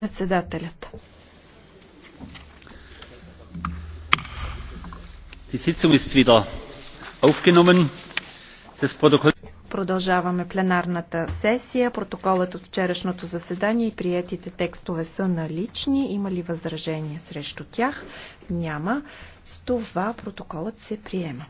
Председателят. Продължаваме пленарната сесия. Протоколът от вчерашното заседание и приетите текстове са налични. Има ли възражения срещу тях? Няма. С това протоколът се приема.